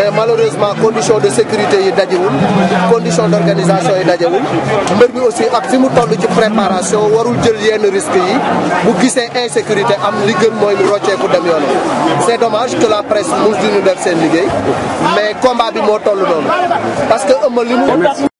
mais malheureusement condition de sécurité yi dajewul condition d'organisation yi dajewul mbir bi aussi ak fi tollu ci préparation warul jël yenn risque yi bu gisee insécurité am li gën mooy mu rocceeku dem yoonam c' dommage que la presse mos di ñu def seen liggéey mais combat bi mo tollu non parce que ëmma li mu